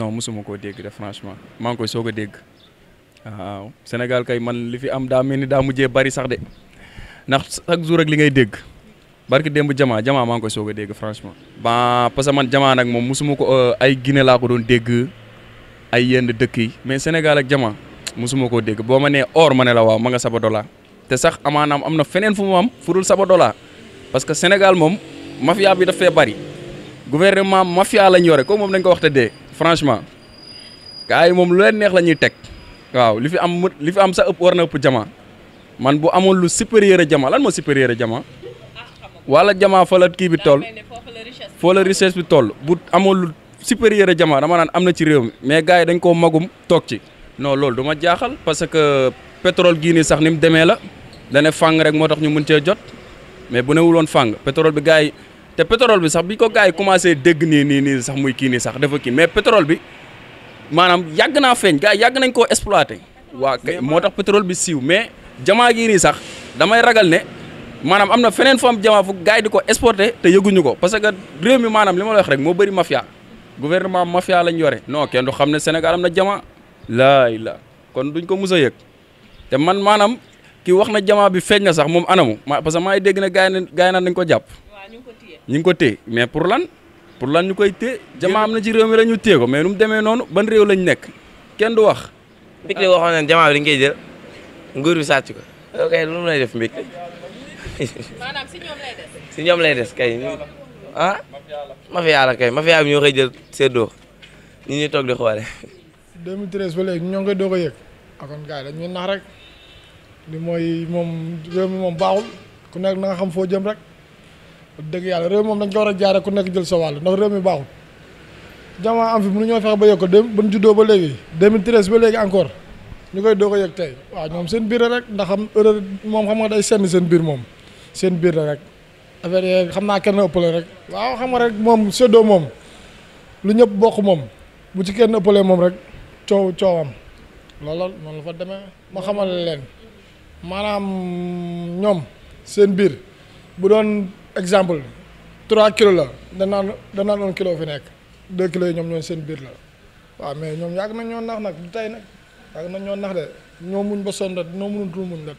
non mosuma koo dégg de franchement maa ngi koy soog a dégg waaw Sénégal kay man li fi am daa mel ni daa mujjee bari sax de ndax chaque jour ak li ngay dégg barki démb jamaa jamaa maa ngi koy soog a dégg franchement. ba parce que man jamaa nag moom mosuma ko euh, ay Guinée laa ko doon dégg ay yenn dëkk yi mais Sénégal ak jamaa mosuma koo dégg boo ma nee or ma ne la waaw ma nga Sabodala te sax amaanaam am na feneen fu mu am furul Sabodala parce que Sénégal moom mafia bi daf fee bari gouvernement mafia lañ yore ko moom dañ ko wax te franchement gars yi moom lu leen neex la ñuy teg waaw li fi am li fi am sa ëpp war na ëpp jama man bu amoon lu supérieur a jama lan moo supérieur a jama wala jamaa fa la kii bi tool foo la richesse bi toll bu amoon lu supérieur a jama dama naan am na ci réew mi mais gars yi dañ koo magum toog ci no loolu du ma jaaxal parce que pétrole gii nii sax ni mu demee la dane fàng rek moo tax ñu mën cee jot mais bu newuloon fàng pétrole bi gars yi te pétrole bi sax bi ko gars yi commencé dégg ni nii nii sax muy kii nii sax dafa ki mais pétrole bi maanaam yàgg naa feeñ gars yi yàgg nañ koo exploité. waa kay moo tax pétrole bi siiw mais jamaa gii nii sax damay ragal ne maanaam am na feneen fu am jamaa fu gars di ko exporté te yëguñu ko parce que réew mi maanaam li ma la wax rek moo bari mafia gouvernement mafia lañ yore non kenn du xam ne Sénégal am na jamaa laay la kon duñ ko mus a yëg te man maanaam ki wax na jamaa bi feeñ na sax moom anamu ma parce que maa ngi dégg ne gars yi ne nañ ko jàpp. ñu ngi ko téye mais pour lan pour lan ñu koy téye jamaa am na ci réew mi la ñu téye ko mais nu mu demee noonu ban réew lañ nekk kenn du wax. mbik li waxoon nañ jamaa bi dañ koy jël nguur bi sàcc ko ok lay def mbik maanaam si ñoom lay des. si kay ah mafia la kay mafia bi ñoo koy jël séddoo ñi ñuy toog di xoole. 2013 ba léegi ñoo ngi koy doog a yëg akon gars yi dañuy nax rek li mooy moom réew moom baaxul ku nekk na nga xam foo jëm rek. dëgg yàlla réew moom dañ ko war a jaare ku nekk jël sa wàll ndax réew mi baaxul jamono am fi mënu fexe ba yëg ko dem ba ñu juddoo ba léegi 2013 ba léegi encore ñu koy doo a yëg tey waaw ñoom seen biir la rek ndax xam erreur moom xam nga day senn seen biir moom seen biir la rek affaire yi xam naa kenn ëppale rek waaw xam nga rek moom séddoo moom lu ñëpp bokk moom bu ci kenn ëppalee moom rek coow coowam loolu noonu la fa demee ma xamal leen maanaam ñoom seen biir bu doon exemple trois kilos la danaan danaan un kilo fi nekk deux kilos yi ñoom ñooy seen biir la waaw mais ñoom yàgg nañ ñoo nax nag du tey nag yàgg nañ ñoo nax de ñoo muñ ba sonn noo mënul dul la nag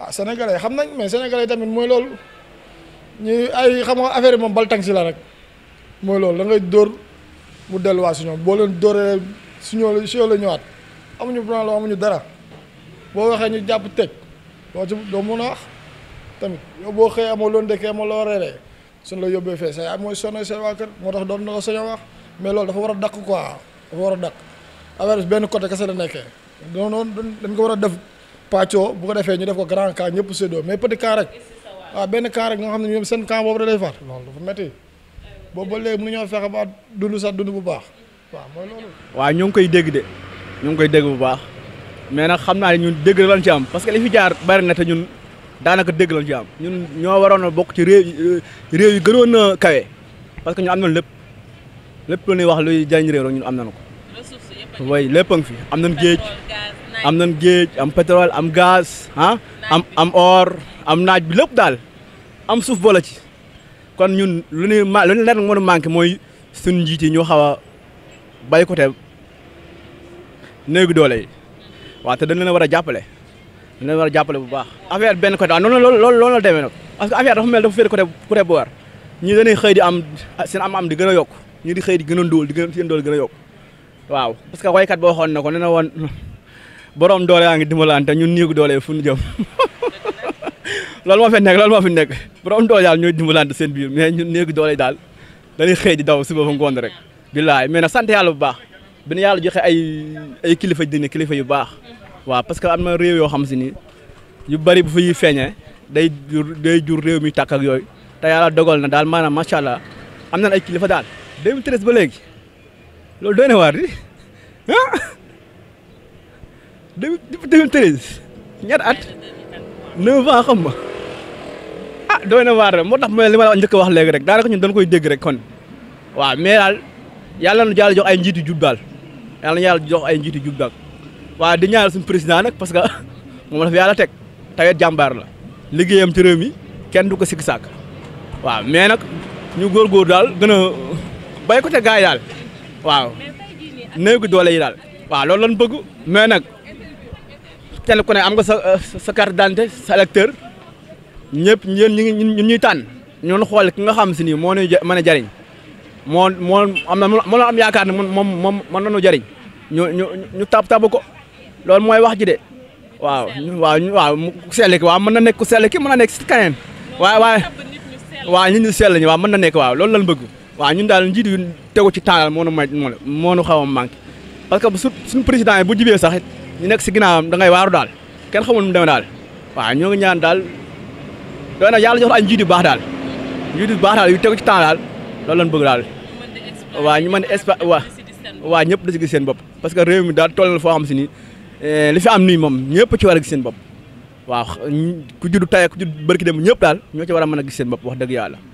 ah sénégalais xam nañ mais sénégalais tamit mooy loolu ñuy ay xam nga affaire yi moom bal tang si la rek mooy loolu da ngay dóor mu delluwaat si ñoom boo leen dóoree si ñoo si la ñëwaat amuñu plan amuñu dara boo waxee ñu jàpp teg doo ci a wax tamit yow boo xëyee amoo loo ndekkee amoo loo reeree suñ la yóbbee fee sa yaay mooy sonn say waa kër moo tax doon na ko sañ a wax mais loolu dafa war a dakk quoi dafa war a dakk affaire benn côté kese la nekkee non dañ ko war a def pàccoo bu ko defee ñu def ko grand cas ñëpp séddoo mais petit cas rek waaw benn cas xam ne ñoom seen camp boobu da lay far loolu dafa métti ba léegi mënuñoo fexe ba dund sax dund bu baax waaw mooy loolu. waaw ñu ngi koy dégg de ñu ngi koy dégg bu baax mais nag xam naa ne ñun dégg lan ci am parce que li fi jaar bari na te ñun. daanaka dégg la ci am ñun ñoo waroon bokk ci réew euh, réew yu gënoon a kawe parce que ñu am nañ lépp lépp lu ñuy wax luy jëriñ réew ñun am nañ ko way lépp a ngi fi am nañ géej am nañ géej am pétrole am gaz ah, am am or am naaj bi lépp daal am suuf boole ci kon ñun lu ñuy ma lu ñu leen a manqué mooy suñu njiit yi ñoo xaw a bay côté néegu doole yi mm-hmm. waaw te dañ leen a war a jàppale ñu leen war a jàppale bu baax affaire benn côté waaw noonu loolu loolu la demee nag parce que affaire dafa mel dafa féer côté boor ñu dañuy xëy di am seen am am di gën a yokk ñu di xëy di gën a ndóol di gën seen dool a yokk waaw parce que waykat boo xoon na ko ne na woon borom doole yaa ngi dimbalante ñun néegu doole fu ñu jëm loolu moo fi nekk loolu moo fi nekk borom doole daal ñooy dimbalante seen biir mais ñun néegu doole daal dañuy xëy di daw suba ba ngoon rek billaay mais nag sant yàlla bu baax bi ñu yàlla joxe ay ay kilifa dina kilifa yu baax waaw parce que am na réew yoo xam ni yu bari bu fa yi day jur day jur réew mi tàkk ak yooyu te yàlla dogal na daal maanaam macha allah am nañ ay kilifa daal 2013 ba léegi loolu doy na waar di ah 2013 ñaar at 9 ans xam nga ah doy na waar moo tax mooy li ma la njëkk wax léegi rek daanaka ñun dañ koy dégg rek kon waaw mais daal yàlla na yàlla jox ay njiitu jub daal yàlla jox ay njiitu jub daal waaw di ñaanal suñu président nag parce que moom la fi yàlla teg tawet jàmbaar la liggéeyam ci réew mi kenn du ko sikk sàkk waaw mais nag ñu góor daal gën a bay ko te gars yi daal waaw néew gi doole yi daal waaw loolu lañ bëgg mais nag kenn ku ne am nga sa sa carte d'identité sa électeur ñëpp ñu ñi ñun ñuy tànn ñoon xool ki nga xam si nii moo nuy mën a jariñ moo moo am na moo am yaakaar ne moom moom moom mën nañu jariñ ñu ñu ñu tab tabu ko loolu mooy wax ji de waaw waaw waaw ku sell ki waaw mën na nekk ku sell ki mën na nekk si kaneen waaye waaye waaw ñun ñu sell ñi waaw mën na nekk waaw loolu lan bëgg waaw ñun daal njiit yu tegu ci tàngal moo nu may moo nu xaw a manqué parce que su suñu président bu jibee sax ñu nekk si ginnaawam da ngay waaru daal kenn xamul mu demee daal waaw ñoo ngi ñaan daal doy na yàlla jox ay njiit baax daal njiit yu baax daal yu tegu ci tàngal daal loolu lan bëgg daal waaw ñu mën espa waa waa ñëpp da si gis seen bopp parce que réew mi daal toll na foo xam si nii Eh, li fi am nii moom ñëpp ci war a seen bopp waaw ku judd tay ku judd bërki dem ñëpp daal ñoo ci war a mën a bopp wax dëgg yàlla